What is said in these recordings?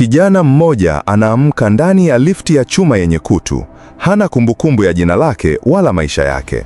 Kijana mmoja anaamka ndani ya lifti ya chuma yenye kutu. Hana kumbukumbu ya jina lake wala maisha yake.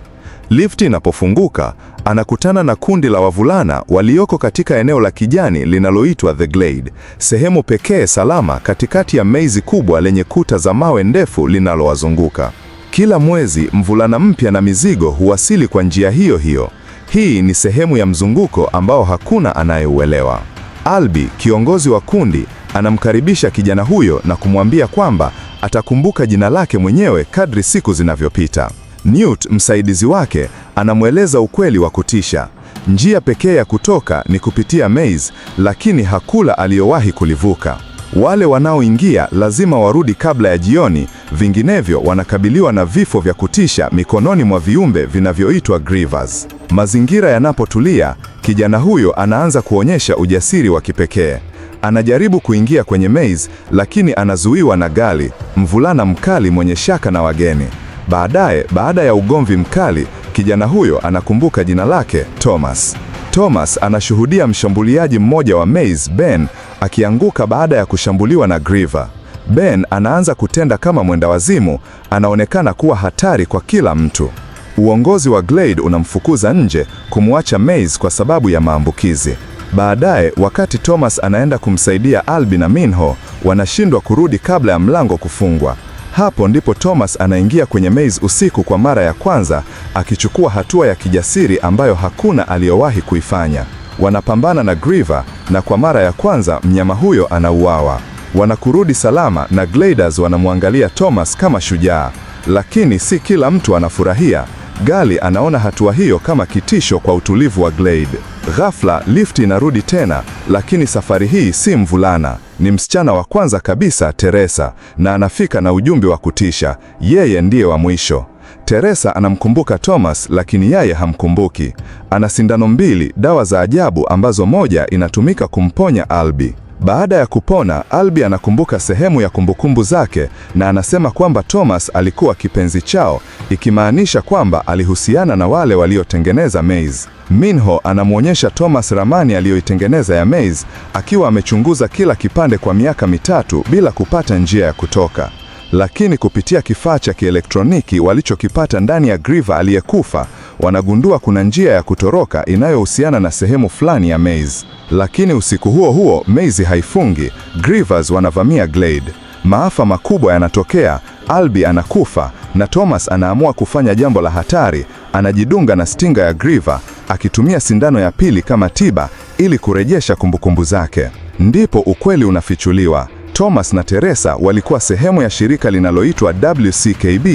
Lifti inapofunguka, anakutana na kundi la wavulana walioko katika eneo la kijani linaloitwa The Glade, sehemu pekee salama katikati ya meizi kubwa lenye kuta za mawe ndefu linalowazunguka. Kila mwezi mvulana mpya na mizigo huwasili kwa njia hiyo hiyo. Hii ni sehemu ya mzunguko ambao hakuna anayeuelewa. Albi, kiongozi wa kundi, Anamkaribisha kijana huyo na kumwambia kwamba atakumbuka jina lake mwenyewe kadri siku zinavyopita. Newt, msaidizi wake, anamweleza ukweli wa kutisha. Njia pekee ya kutoka ni kupitia maze, lakini hakula aliyowahi kulivuka. Wale wanaoingia lazima warudi kabla ya jioni, vinginevyo wanakabiliwa na vifo vya kutisha mikononi mwa viumbe vinavyoitwa Grievers. Mazingira yanapotulia, kijana huyo anaanza kuonyesha ujasiri wa kipekee. Anajaribu kuingia kwenye maze, lakini anazuiwa na Gali, mvulana mkali mwenye shaka na wageni. Baadaye, baada ya ugomvi mkali, kijana huyo anakumbuka jina lake Thomas. Thomas anashuhudia mshambuliaji mmoja wa maze, Ben, akianguka baada ya kushambuliwa na Griver. Ben anaanza kutenda kama mwendawazimu, anaonekana kuwa hatari kwa kila mtu. Uongozi wa Glade unamfukuza nje, kumwacha Maze kwa sababu ya maambukizi. Baadaye, wakati Thomas anaenda kumsaidia Albi na Minho, wanashindwa kurudi kabla ya mlango kufungwa. Hapo ndipo Thomas anaingia kwenye maze usiku kwa mara ya kwanza, akichukua hatua ya kijasiri ambayo hakuna aliyowahi kuifanya. Wanapambana na griva na kwa mara ya kwanza mnyama huyo anauawa. Wanakurudi salama na gliders wanamwangalia Thomas kama shujaa, lakini si kila mtu anafurahia. Gali anaona hatua hiyo kama kitisho kwa utulivu wa Glade. Ghafla lifti inarudi tena, lakini safari hii si mvulana, ni msichana wa kwanza kabisa, Teresa, na anafika na ujumbe wa kutisha: yeye ndiye wa mwisho. Teresa anamkumbuka Thomas lakini yeye hamkumbuki. Ana sindano mbili, dawa za ajabu ambazo moja inatumika kumponya Albi. Baada ya kupona, Albi anakumbuka sehemu ya kumbukumbu zake na anasema kwamba Thomas alikuwa kipenzi chao, ikimaanisha kwamba alihusiana na wale waliotengeneza maze. Minho anamwonyesha Thomas ramani aliyoitengeneza ya maze, akiwa amechunguza kila kipande kwa miaka mitatu bila kupata njia ya kutoka. Lakini kupitia kifaa cha kielektroniki walichokipata ndani ya Griva aliyekufa wanagundua kuna njia ya kutoroka inayohusiana na sehemu fulani ya Maze. Lakini usiku huo huo Maze haifungi, Grievers wanavamia Glade. Maafa makubwa yanatokea, Albi anakufa na Thomas anaamua kufanya jambo la hatari, anajidunga na stinga ya Griever akitumia sindano ya pili kama tiba ili kurejesha kumbukumbu zake. Ndipo ukweli unafichuliwa. Thomas na Teresa walikuwa sehemu ya shirika linaloitwa WCKB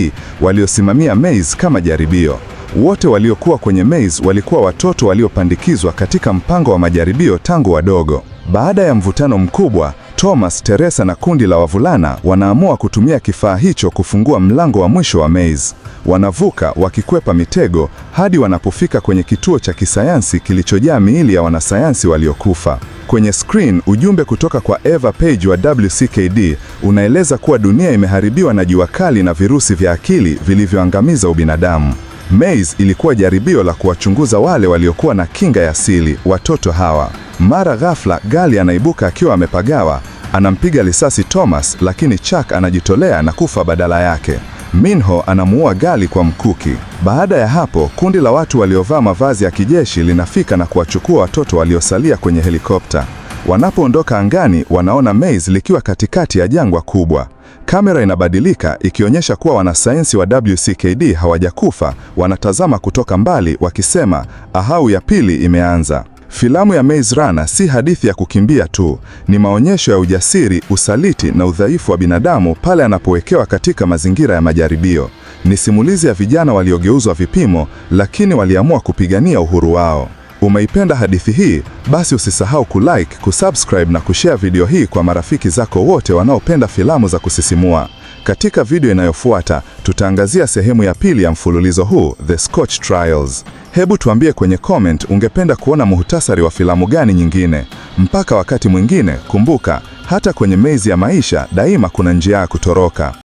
waliosimamia Maze kama jaribio. Wote waliokuwa kwenye maze walikuwa watoto waliopandikizwa katika mpango wa majaribio tangu wadogo. Baada ya mvutano mkubwa, Thomas, Teresa na kundi la wavulana wanaamua kutumia kifaa hicho kufungua mlango wa mwisho wa maze. Wanavuka wakikwepa mitego hadi wanapofika kwenye kituo cha kisayansi kilichojaa miili ya wanasayansi waliokufa. Kwenye screen, ujumbe kutoka kwa Eva Page wa WCKD unaeleza kuwa dunia imeharibiwa na jua kali na virusi vya akili vilivyoangamiza ubinadamu. Maze ilikuwa jaribio la kuwachunguza wale waliokuwa na kinga ya asili, watoto hawa. Mara ghafla, Gali anaibuka akiwa amepagawa, anampiga risasi Thomas, lakini Chuck anajitolea na kufa badala yake. Minho anamuua Gali kwa mkuki. Baada ya hapo, kundi la watu waliovaa mavazi ya kijeshi linafika na kuwachukua watoto waliosalia kwenye helikopta. Wanapoondoka angani, wanaona Maze likiwa katikati ya jangwa kubwa. Kamera inabadilika ikionyesha kuwa wanasayansi wa WCKD hawajakufa, wanatazama kutoka mbali wakisema, Ahau ya pili imeanza. Filamu ya Maze Runner si hadithi ya kukimbia tu, ni maonyesho ya ujasiri, usaliti na udhaifu wa binadamu pale anapowekewa katika mazingira ya majaribio. Ni simulizi ya vijana waliogeuzwa vipimo, lakini waliamua kupigania uhuru wao. Umeipenda hadithi hii? Basi usisahau kulike, kusubscribe na kushare video hii kwa marafiki zako wote wanaopenda filamu za kusisimua. Katika video inayofuata tutaangazia sehemu ya pili ya mfululizo huu, The Scotch Trials. Hebu tuambie kwenye comment ungependa kuona muhtasari wa filamu gani nyingine. Mpaka wakati mwingine, kumbuka, hata kwenye mezi ya maisha daima kuna njia ya kutoroka.